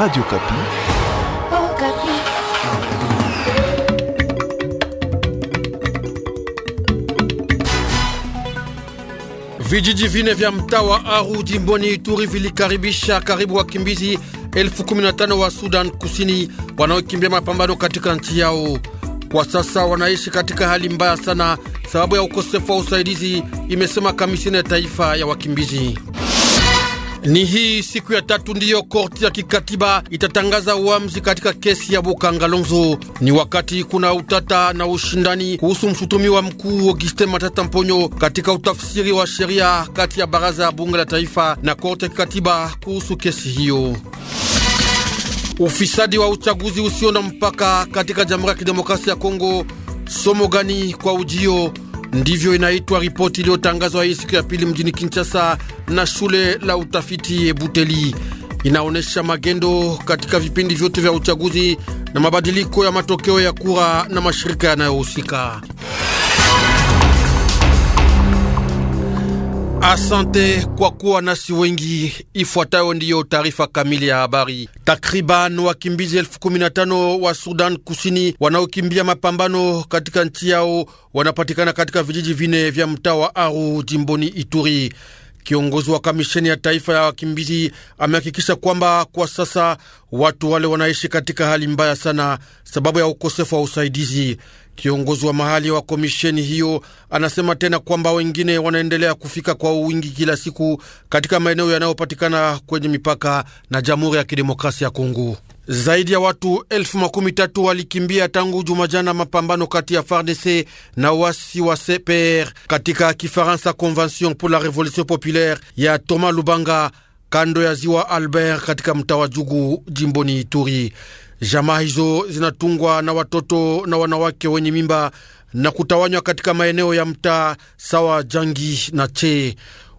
Radio Kapi. Oh, Kapi. Vijiji vine vya mtaa wa Aru jimboni Ituri vilikaribisha karibu wakimbizi 15 wa Sudan Kusini wanaokimbia mapambano katika nchi yao. Kwa sasa wanaishi katika hali mbaya sana sababu ya ukosefu wa usaidizi, imesema kamishina ya taifa ya wakimbizi. Ni hii siku ya tatu ndiyo korti ya kikatiba itatangaza uamuzi katika kesi ya bukanga Lonzo. Ni wakati kuna utata na ushindani kuhusu mshutumiwa mkuu ogiste Matata Mponyo katika utafsiri wa sheria kati ya baraza ya bunge la taifa na korti ya kikatiba kuhusu kesi hiyo. Ufisadi wa uchaguzi usio na mpaka katika Jamhuri ya Kidemokrasia ya Kongo, somo gani kwa ujio Ndivyo inaitwa ripoti iliyotangazwa hii siku ya pili mjini Kinshasa na shule la utafiti Ebuteli. Inaonyesha magendo katika vipindi vyote vya uchaguzi na mabadiliko ya matokeo ya kura na mashirika yanayohusika. Asante kwa kuwa nasi wengi. Ifuatayo ndiyo taarifa kamili ya habari. Takriban wakimbizi elfu kumi na tano wa Sudan Kusini wanaokimbia mapambano katika nchi yao wanapatikana katika vijiji vine vya mtaa wa Aru jimboni Ituri. Kiongozi wa kamisheni ya taifa ya wakimbizi amehakikisha kwamba kwa sasa watu wale wanaishi katika hali mbaya sana, sababu ya ukosefu wa usaidizi. Kiongozi wa mahali wa komisheni hiyo anasema tena kwamba wengine wanaendelea kufika kwa wingi kila siku katika maeneo yanayopatikana kwenye mipaka na Jamhuri ya Kidemokrasia ya Kongo. Zaidi ya watu elfu makumi tatu walikimbia tangu Jumajana mapambano kati ya FARDC na wasi wa CPR katika Kifaransa, Convention pour la Revolution Populaire ya Thomas Lubanga, kando ya ziwa Albert katika mtaa wa Jugu, jimboni Ituri. Jamaa hizo zinatungwa na watoto na wanawake wenye mimba na kutawanywa katika maeneo ya mtaa sawa Jangi na Che.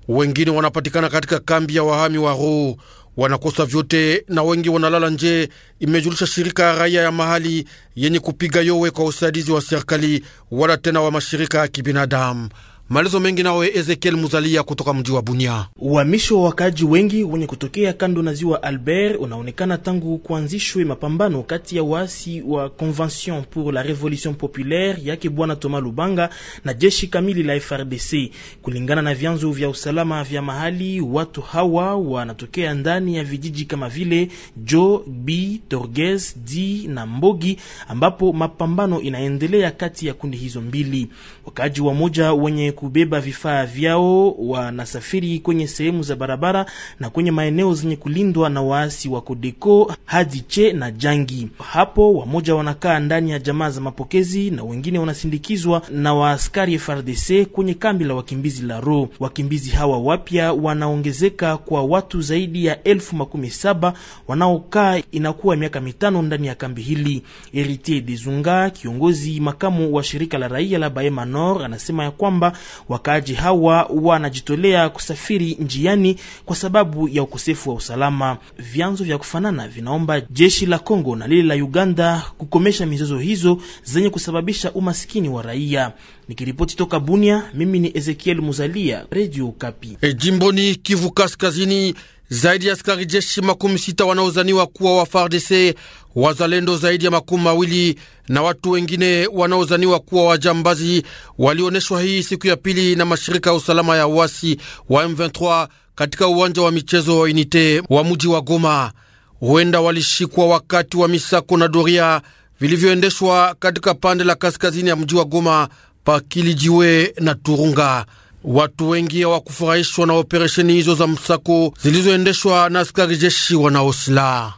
Wengine wanapatikana katika kambi ya wahami wa Ruu, wanakosa vyote na wengi wanalala nje, imejulisha shirika ya raia ya mahali yenye kupiga yowe kwa usaidizi wa serikali wala tena wa mashirika ya kibinadamu. Malizo mengi nawe Ezekiel Muzalia kutoka mji wa Bunia. Uhamisho wa wakaaji wengi wenye kutokea kando na ziwa Albert unaonekana tangu kuanzishwe mapambano kati ya waasi wa Convention pour la Revolution Populaire yake Bwana Thomas Lubanga na jeshi kamili la FRDC. Kulingana na vyanzo vya usalama vya mahali, watu hawa wanatokea ndani ya vijiji kama vile Jo B, Torges D na Mbogi, ambapo mapambano inaendelea kati ya kundi hizo mbili. Wakaaji wa moja wenye kubeba vifaa vyao wanasafiri kwenye sehemu za barabara na kwenye maeneo zenye kulindwa na waasi wa Kodeko hadi Che na Jangi. Hapo wamoja wanakaa ndani ya jamaa za mapokezi na wengine wanasindikizwa na waaskari FRDC kwenye kambi la wakimbizi la Ro. Wakimbizi hawa wapya wanaongezeka kwa watu zaidi ya elfu makumi saba wanaokaa inakuwa miaka mitano ndani ya kambi hili. Heritier Dezunga, kiongozi makamu wa shirika la raia la Bahema Nord, anasema ya kwamba Wakaaji hawa wanajitolea kusafiri njiani kwa sababu ya ukosefu wa usalama. Vyanzo vya kufanana vinaomba jeshi la Kongo na lile la Uganda kukomesha mizozo hizo zenye kusababisha umasikini wa raia. Nikiripoti toka Bunia, mimi ni Ezekiel Muzalia, Radio Kapi. E, jimboni Kivu Kaskazini zaidi ya askari jeshi makumi sita wanaozaniwa kuwa wa FARDC, wazalendo zaidi ya makumi mawili na watu wengine wanaozaniwa kuwa wajambazi walioneshwa hii siku ya pili na mashirika ya usalama ya uasi wa M23 katika uwanja wa michezo wa Inite wa muji wa Goma. Huenda walishikwa wakati wa misako na doria vilivyoendeshwa katika pande la kaskazini ya mji wa Goma, Pakilijiwe na Turunga. Watu wengi hawakufurahishwa na operesheni hizo za msako zilizoendeshwa na askari jeshi wanaosila.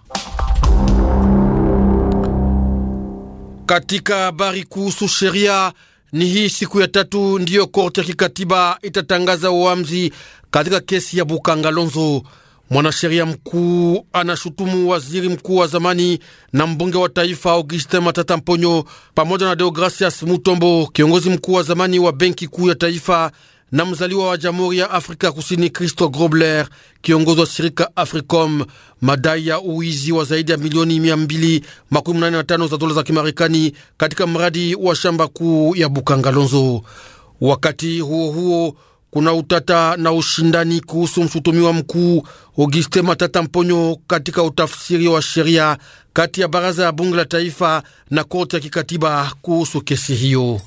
Katika habari kuhusu sheria, ni hii siku ya tatu ndiyo korte ya kikatiba itatangaza uamuzi katika kesi ya Bukanga Lonzo. Mwanasheria mkuu anashutumu waziri mkuu wa zamani na mbunge wa taifa Augustin Matata Mponyo pamoja na Deogracias Mutombo, kiongozi mkuu wa zamani wa benki kuu ya taifa na mzaliwa wa Jamhuri ya Afrika Kusini Christo Grobler, kiongozi wa shirika Africom, madai ya uwizi wa zaidi ya milioni 285 za dola za Kimarekani katika mradi wa shamba kuu ya Bukangalonzo. Wakati huo huo, kuna utata na ushindani kuhusu mshutumiwa mkuu Auguste Matata Mponyo katika utafsiri wa sheria kati ya baraza ya bunge la taifa na korti ya kikatiba kuhusu kesi hiyo.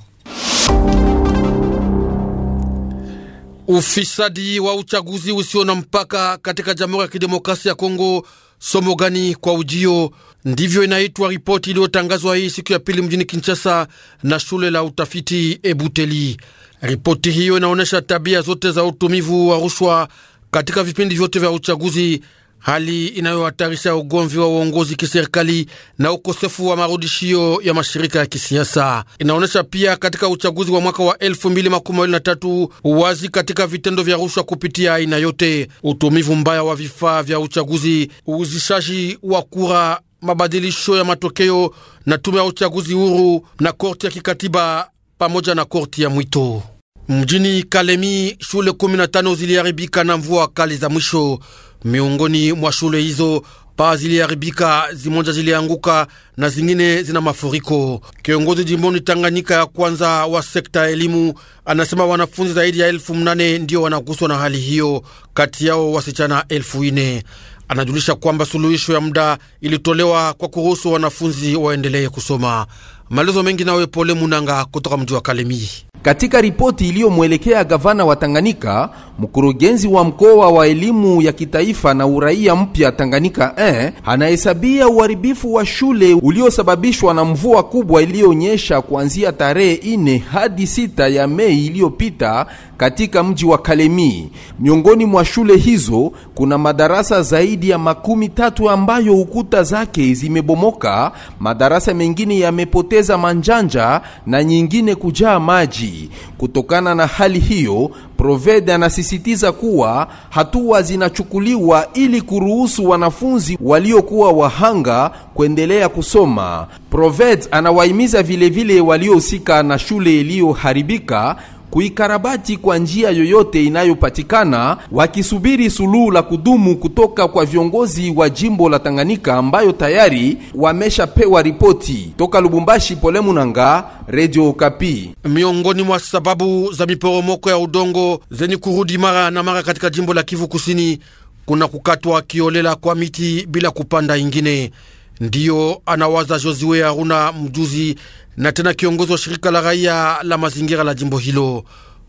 Ufisadi wa uchaguzi usio na mpaka katika Jamhuri ya Kidemokrasia ya Kongo, somo gani kwa ujio? Ndivyo inaitwa ripoti iliyotangazwa hii siku ya pili mjini Kinshasa na shule la utafiti Ebuteli. Ripoti hiyo inaonyesha tabia zote za utumivu wa rushwa katika vipindi vyote vya uchaguzi hali inayohatarisha ugomvi wa uongozi kiserikali na ukosefu wa marudishio ya mashirika ya kisiasa. Inaonyesha pia katika uchaguzi wa mwaka wa 2023 uwazi katika vitendo vya rushwa kupitia aina yote, utumivu mbaya wa vifaa vya uchaguzi, uuzishaji wa kura, mabadilisho ya matokeo na tume ya uchaguzi huru na korti ya kikatiba pamoja na korti ya mwito. Mjini Kalemi, shule 15 ziliharibika na mvua kali za mwisho. Miongoni mwa shule hizo paa ziliharibika, zimoja zilianguka na zingine zina mafuriko. Kiongozi jimboni Tanganyika ya kwanza wa sekta ya elimu anasema wanafunzi zaidi ya elfu mnane ndiyo wanaguswa na hali hiyo, kati yao wasichana elfu ine. Anajulisha kwamba suluhisho ya muda ilitolewa kwa kuruhusu wanafunzi waendelee kusoma. Maelezo mengi nawe Pole Munanga kutoka mji wa Kalemi. Katika ripoti iliyomwelekea gavana wa Tanganyika, mkurugenzi wa mkoa wa elimu ya kitaifa na uraia mpya Tanganyika eh, anahesabia uharibifu wa shule uliosababishwa na mvua kubwa iliyonyesha kuanzia tarehe ine hadi sita ya Mei iliyopita katika mji wa Kalemi. Miongoni mwa shule hizo kuna madarasa zaidi ya makumi tatu ambayo ukuta zake zimebomoka, madarasa mengine yamepotea kupoteza manjanja na nyingine kujaa maji. Kutokana na hali hiyo, Provede anasisitiza kuwa hatua zinachukuliwa ili kuruhusu wanafunzi waliokuwa wahanga kuendelea kusoma. Proved anawahimiza vilevile waliohusika na shule iliyoharibika kuikarabati kwa njia yoyote inayopatikana, wakisubiri suluhu la kudumu kutoka kwa viongozi wa jimbo la Tanganyika ambayo tayari wameshapewa ripoti toka Lubumbashi. Pole Munanga, Radio Kapi. Miongoni mwa sababu za miporomoko ya udongo zenye kurudi mara na mara katika jimbo la Kivu Kusini kuna kukatwa kiolela kwa miti bila kupanda ingine. Ndiyo anawaza Josue Aruna, mjuzi na tena kiongozi wa shirika la raia la mazingira la jimbo hilo.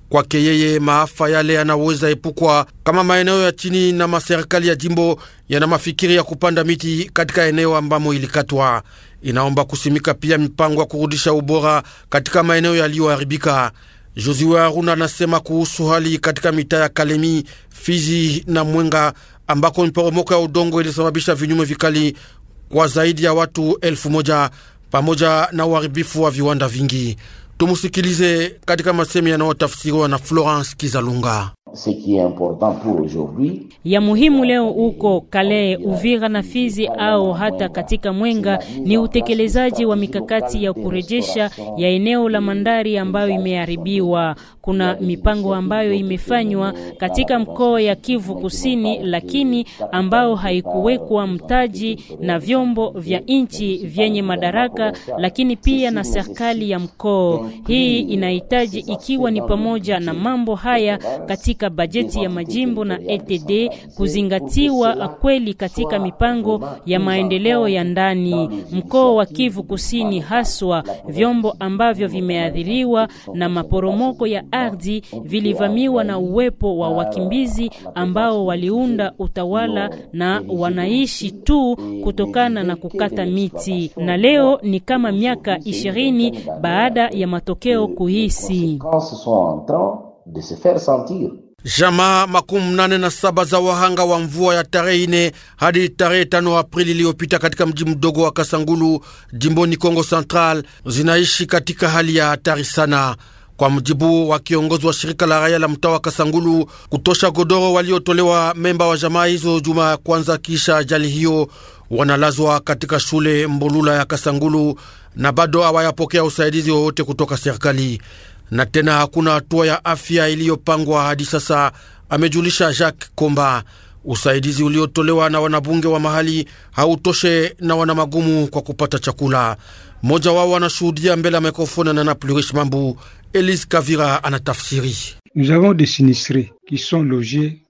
Kwake yeye, maafa yale yanaweza epukwa kama maeneo ya chini na maserikali ya jimbo yana mafikiri ya kupanda miti katika eneo ambamo ilikatwa. Inaomba kusimika pia mipango ya kurudisha ubora katika maeneo yaliyoharibika. Josue Aruna anasema kuhusu hali katika mitaa ya Kalemi, Fizi na Mwenga ambako miporomoko ya udongo ilisababisha vinyume vikali kwa zaidi ya watu elfu moja pamoja na uharibifu wa viwanda vingi. Tumusikilize katika masemi yanayotafsiriwa na Florence Kizalunga. Ya muhimu leo uko Kale, Uvira na Fizi au hata katika Mwenga ni utekelezaji wa mikakati ya kurejesha ya eneo la Mandari ambayo imeharibiwa. Kuna mipango ambayo imefanywa katika mkoa ya Kivu Kusini, lakini ambao haikuwekwa mtaji na vyombo vya nchi vyenye madaraka, lakini pia na serikali ya mkoa. Hii inahitaji ikiwa ni pamoja na mambo haya katika katika bajeti ya majimbo na ETD kuzingatiwa kweli katika mipango ya maendeleo ya ndani mkoa wa Kivu Kusini, haswa vyombo ambavyo vimeathiriwa na maporomoko ya ardhi vilivamiwa na uwepo wa wakimbizi ambao waliunda utawala na wanaishi tu kutokana na kukata miti, na leo ni kama miaka ishirini baada ya matokeo kuhisi de se faire sentir. Jamaa makumi mnane na saba za wahanga wa mvua ya tarehe ine hadi tarehe tano Aprili iliyopita katika mji mdogo wa Kasangulu jimboni Kongo Central zinaishi katika hali ya hatari sana. Kwa mujibu wa kiongozi wa shirika la raia la mtaa wa Kasangulu, kutosha godoro waliotolewa memba wa jamaa hizo juma ya kwanza kisha ajali hiyo, wanalazwa katika shule Mbulula ya Kasangulu na bado hawayapokea usaidizi wowote kutoka serikali na tena hakuna hatua ya afya iliyopangwa hadi sasa, amejulisha Jacques Komba. Usaidizi uliotolewa na wanabunge wa mahali hautoshe na wana magumu kwa kupata chakula. Mmoja wao anashuhudia mbele ya mikrofoni na Naplurish Mambu. Elise Kavira anatafsiri: Nous avons des qui sont logés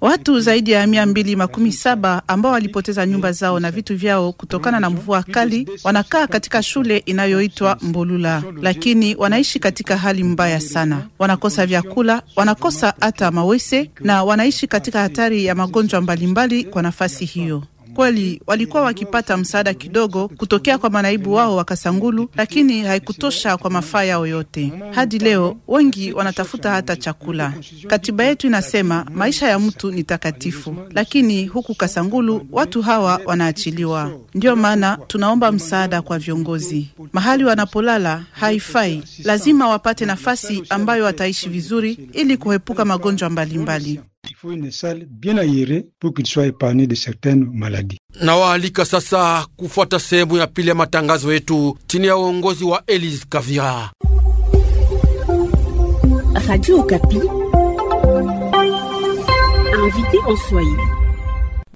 Watu zaidi ya mia mbili makumi saba ambao walipoteza nyumba zao na vitu vyao kutokana na mvua kali wanakaa katika shule inayoitwa Mbolula, lakini wanaishi katika hali mbaya sana. Wanakosa vyakula, wanakosa hata mawese na wanaishi katika hatari ya magonjwa mbalimbali kwa nafasi hiyo kweli walikuwa wakipata msaada kidogo kutokea kwa manaibu wao wa Kasangulu, lakini haikutosha kwa mafaa yao yote. Hadi leo wengi wanatafuta hata chakula. Katiba yetu inasema maisha ya mtu ni takatifu, lakini huku Kasangulu watu hawa wanaachiliwa. Ndiyo maana tunaomba msaada kwa viongozi. Mahali wanapolala haifai, lazima wapate nafasi ambayo wataishi vizuri ili kuhepuka magonjwa mbalimbali mbali faut une salle bien aérée pour qu'il soit épargné de certaines maladies. Nawaalika sasa kufuata sehemu ya pili ya matangazo yetu chini ya uongozi wa Elise Kavira. Radio Okapi invité en Swahili.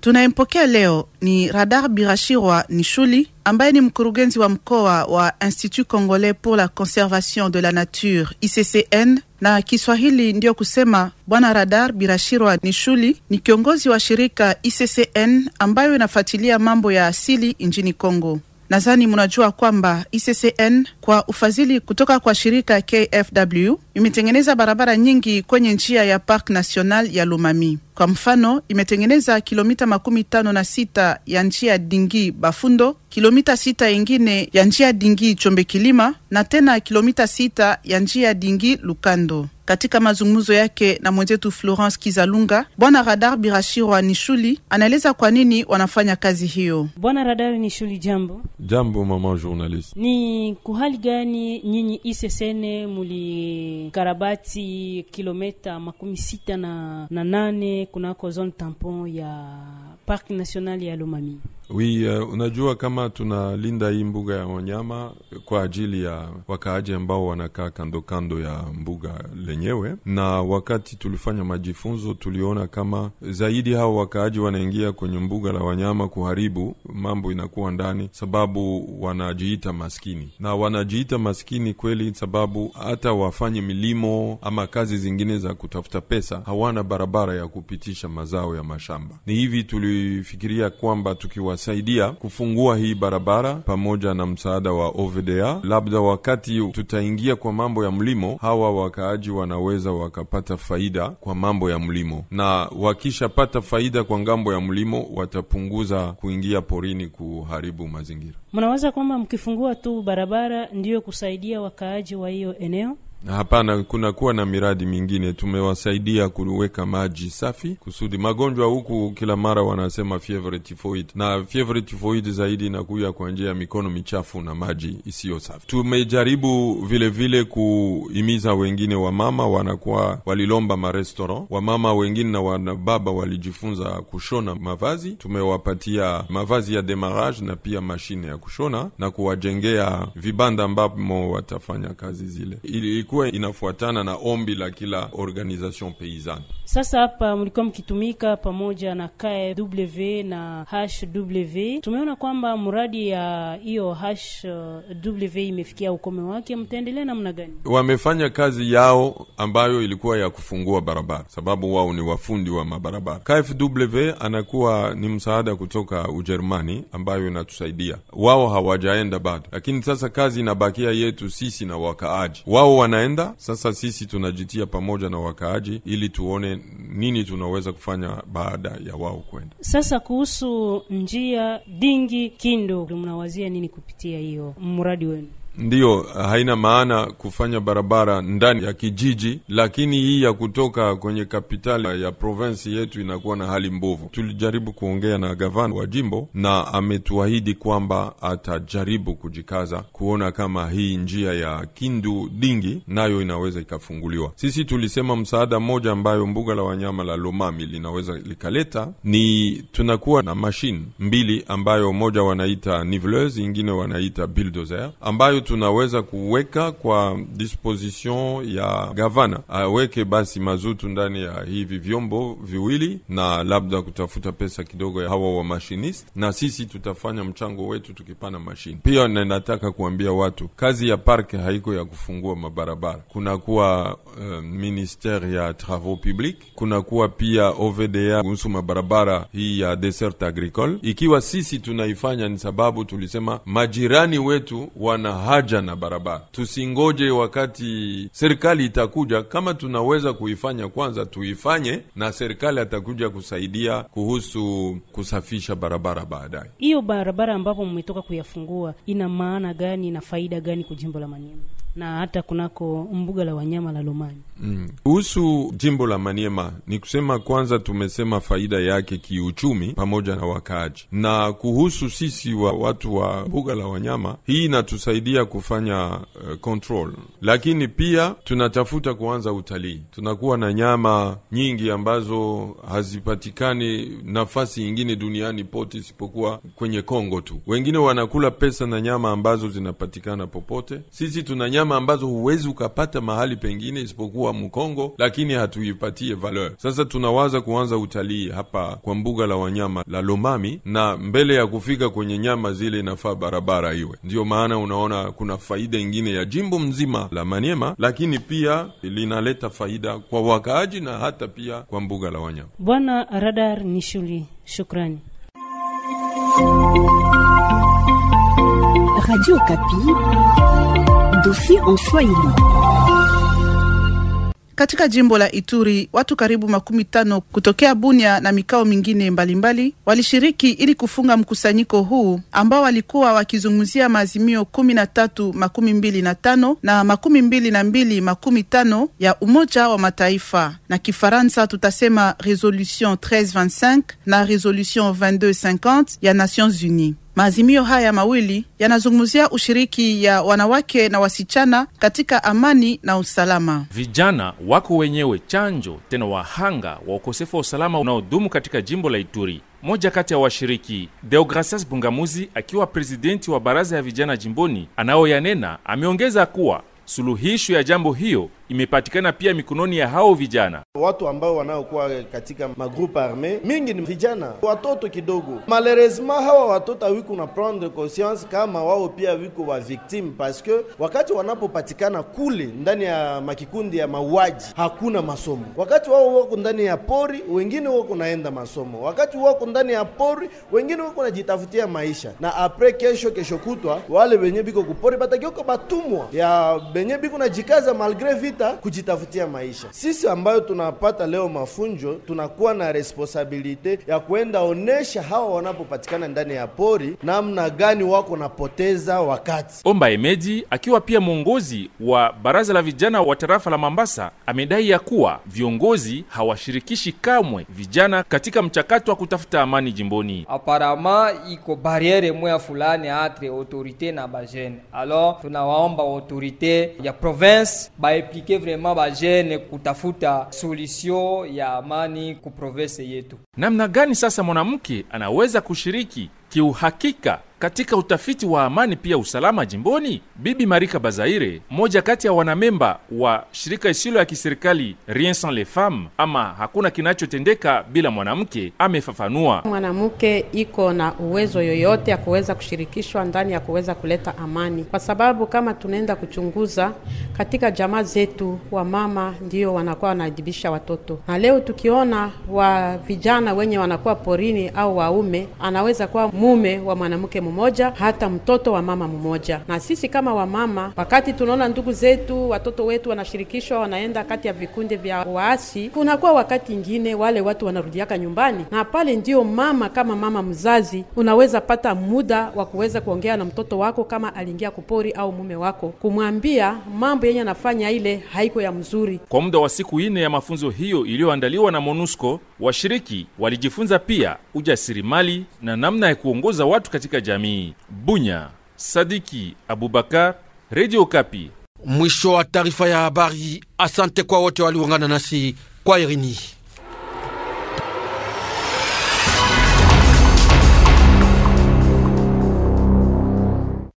Tunayempokea leo ni Radar Birashirwa Nishuli ambaye ni mkurugenzi wa mkoa wa Institut Congolais pour la Conservation de la Nature ICCN na Kiswahili ndiyo kusema Bwana Radar Birashirwa Nishuli ni kiongozi wa shirika ICCN ambayo inafuatilia mambo ya asili nchini congo Nadhani mnajua kwamba ICCN kwa ufadhili kutoka kwa shirika KfW imetengeneza barabara nyingi kwenye njia ya Park National ya lumami Kwa mfano, imetengeneza kilomita makumi tano na sita ya njia Dingi Bafundo kilomita sita ingine ya njia Dingi Chombe Kilima na tena kilomita sita ya njia Dingi Lukando. Katika mazungumzo yake na mwenzetu Florence Kizalunga, Bwana Radar Birashirwa Nishuli anaeleza kwa nini wanafanya kazi hiyo. Bwana Radar Nishuli, jambo. Jambo mama journalist. Ni kuhali gani nyinyi isesene mulikarabati kilometa makumi sita na, na nane kunako zone tampon ya park national ya Lomami? Wi, uh, unajua kama tunalinda hii mbuga ya wanyama kwa ajili ya wakaaji ambao wanakaa kando kando ya mbuga lenyewe, na wakati tulifanya majifunzo tuliona kama zaidi hao wakaaji wanaingia kwenye mbuga la wanyama kuharibu mambo inakuwa ndani, sababu wanajiita maskini, na wanajiita maskini kweli, sababu hata wafanye milimo ama kazi zingine za kutafuta pesa, hawana barabara ya kupitisha mazao ya mashamba. Ni hivi tulifikiria kwamba tukiwa kuwasaidia kufungua hii barabara pamoja na msaada wa OVDA. Labda wakati tutaingia kwa mambo ya mlimo, hawa wakaaji wanaweza wakapata faida kwa mambo ya mlimo, na wakishapata faida kwa ngambo ya mlimo watapunguza kuingia porini kuharibu mazingira. Mnaweza kwamba mkifungua tu barabara ndiyo kusaidia wakaaji wa hiyo eneo. Hapana, kunakuwa na miradi mingine tumewasaidia kuweka maji safi kusudi magonjwa huku, kila mara wanasema fievre na fievre zaidi inakuya kwa njia ya mikono michafu na maji isiyo safi. Tumejaribu vilevile vile kuhimiza wengine, wamama wanakuwa walilomba marestoran. wamama wengine na wanababa walijifunza kushona mavazi. Tumewapatia mavazi ya demarage na pia mashine ya kushona na kuwajengea vibanda ambamo watafanya kazi zile ili ilikuwa inafuatana na ombi la kila organization paysan. Sasa hapa mlikuwa mkitumika pamoja na KfW na HW, tumeona kwamba mradi ya hiyo HW imefikia ukome wake, mtaendelea namna gani? Wamefanya kazi yao ambayo ilikuwa ya kufungua barabara, sababu wao ni wafundi wa mabarabara. KfW anakuwa ni msaada kutoka Ujerumani ambayo inatusaidia. Wao hawajaenda bado, lakini sasa kazi inabakia yetu sisi na wakaaji wao wana tunaenda sasa. Sisi tunajitia pamoja na wakaaji ili tuone nini tunaweza kufanya baada ya wao kwenda. Sasa kuhusu njia Dingi Kindo, mnawazia nini kupitia hiyo mradi wenu? ndiyo haina maana kufanya barabara ndani ya kijiji, lakini hii ya kutoka kwenye kapitali ya provinsi yetu inakuwa na hali mbovu. Tulijaribu kuongea na gavana wa jimbo na ametuahidi kwamba atajaribu kujikaza kuona kama hii njia ya Kindu Dingi nayo inaweza ikafunguliwa. Sisi tulisema msaada mmoja ambayo mbuga la wanyama la Lomami linaweza likaleta ni tunakuwa na mashine mbili ambayo moja wanaita niveleuse, ingine wanaita bulldozer ambayo tunaweza kuweka kwa disposition ya gavana aweke basi mazutu ndani ya hivi vyombo viwili, na labda kutafuta pesa kidogo ya hawa wa mashinist, na sisi tutafanya mchango wetu tukipana mashini pia. ninataka nataka kuambia watu kazi ya parke haiko ya kufungua mabarabara, kunakuwa uh, eh, ministere ya travaux public, kunakuwa pia OVDA kuhusu mabarabara hii ya desert agricole. Ikiwa sisi tunaifanya ni sababu tulisema majirani wetu wana haja na barabara. Tusingoje wakati serikali itakuja. Kama tunaweza kuifanya kwanza, tuifanye na serikali atakuja kusaidia kuhusu kusafisha barabara baadaye. Hiyo barabara ambapo mmetoka kuyafungua ina maana gani na faida gani kwa jimbo la Maniema? na hata kunako mbuga la wanyama la Lomani. Mm. Kuhusu mm, jimbo la Maniema ni kusema kwanza, tumesema faida yake kiuchumi pamoja na wakaaji, na kuhusu sisi wa watu wa mbuga la wanyama, hii inatusaidia kufanya uh, control, lakini pia tunatafuta kuanza utalii. Tunakuwa na nyama nyingi ambazo hazipatikani nafasi nyingine duniani pote isipokuwa kwenye Kongo tu. Wengine wanakula pesa na nyama ambazo zinapatikana popote, sisi tuna nyama nyama ambazo huwezi ukapata mahali pengine isipokuwa Mkongo, lakini hatuipatie valeur. Sasa tunawaza kuanza utalii hapa kwa mbuga la wanyama la Lomami, na mbele ya kufika kwenye nyama zile inafaa barabara iwe. Ndiyo maana unaona kuna faida ingine ya jimbo mzima la Maniema, lakini pia linaleta faida kwa wakaaji na hata pia kwa mbuga la wanyama. Bwana Radar Nishuli, shukrani. Radio Kapi, dossier en Swahili. Katika jimbo la Ituri, watu karibu makumi tano kutokea Bunia na mikao mingine mbalimbali walishiriki ili kufunga mkusanyiko huu ambao walikuwa wakizungumzia maazimio kumi na tatu makumi mbili na tano na makumi mbili na mbili makumi tano ya Umoja wa Mataifa na Kifaransa tutasema resolution 1325 na resolution 2250 ya Nations Unies. Maazimio haya mawili yanazungumzia ushiriki ya wanawake na wasichana katika amani na usalama. Vijana wako wenyewe chanjo tena wahanga wa ukosefu wa usalama unaodumu katika jimbo la Ituri. Moja kati ya washiriki Deogracias Bungamuzi, akiwa prezidenti wa baraza ya vijana jimboni, anayoyanena ameongeza kuwa suluhisho ya jambo hiyo imepatikana pia mikononi ya hao vijana. Watu ambao wanaokuwa katika magrupe arme mingi ni vijana, watoto kidogo. Malheureusement hawa watoto wiku na prendre conscience kama wao pia wiko wa victime, paske wakati wanapopatikana kule ndani ya makikundi ya mauaji hakuna masomo. Wakati wao wako ndani ya pori, wengine wako naenda masomo. Wakati wako ndani ya pori, wengine wako najitafutia maisha, na apre kesho kesho kutwa wale wenye biko kupori batakioko batumwa ya benye biko najikaza malgre vita tunaita kujitafutia maisha. Sisi ambayo tunapata leo mafunjo, tunakuwa na responsabilite ya kuenda onesha hawa wanapopatikana ndani ya pori namna gani wako napoteza wakati. Omba Emeji akiwa pia mwongozi wa baraza la vijana wa tarafa la Mambasa amedai ya kuwa viongozi hawashirikishi kamwe vijana katika mchakato wa kutafuta amani jimboni. Aparama iko bariere moya fulani atre autorite na bajene, alo, tunawaomba autorite ya province baepi tuwaimplike vraiment jeune kutafuta solution ya amani ku province yetu. Namna gani sasa mwanamke anaweza kushiriki Kiuhakika, katika utafiti wa amani pia usalama jimboni, Bibi Marika Bazaire, mmoja kati ya wanamemba wa shirika isilo ya kiserikali Rien Sans Les Femmes, ama hakuna kinachotendeka bila mwanamke, amefafanua. Mwanamke iko na uwezo yoyote ya kuweza kushirikishwa ndani ya kuweza kuleta amani, kwa sababu kama tunaenda kuchunguza katika jamaa zetu, wamama ndio wanakuwa wanaadibisha watoto, na leo tukiona wa vijana wenye wanakuwa porini au waume, anaweza kuwa mume wa mwanamke mmoja, hata mtoto wa mama mmoja. Na sisi kama wamama, wakati tunaona ndugu zetu, watoto wetu wanashirikishwa, wanaenda kati ya vikundi vya waasi, kunakuwa wakati ingine wale watu wanarudiaka nyumbani, na pale ndiyo mama kama mama mzazi unaweza pata muda wa kuweza kuongea na mtoto wako kama aliingia kupori au mume wako, kumwambia mambo yenye anafanya ile haiko ya mzuri. Kwa muda wa siku ine ya mafunzo hiyo iliyoandaliwa na MONUSCO Washiriki walijifunza pia ujasiriamali na namna ya kuongoza watu katika jamii. Bunya, Sadiki Abubakar, Radio Kapi. Mwisho wa taarifa ya habari. Asante kwa wote waliungana nasi kwa Irini.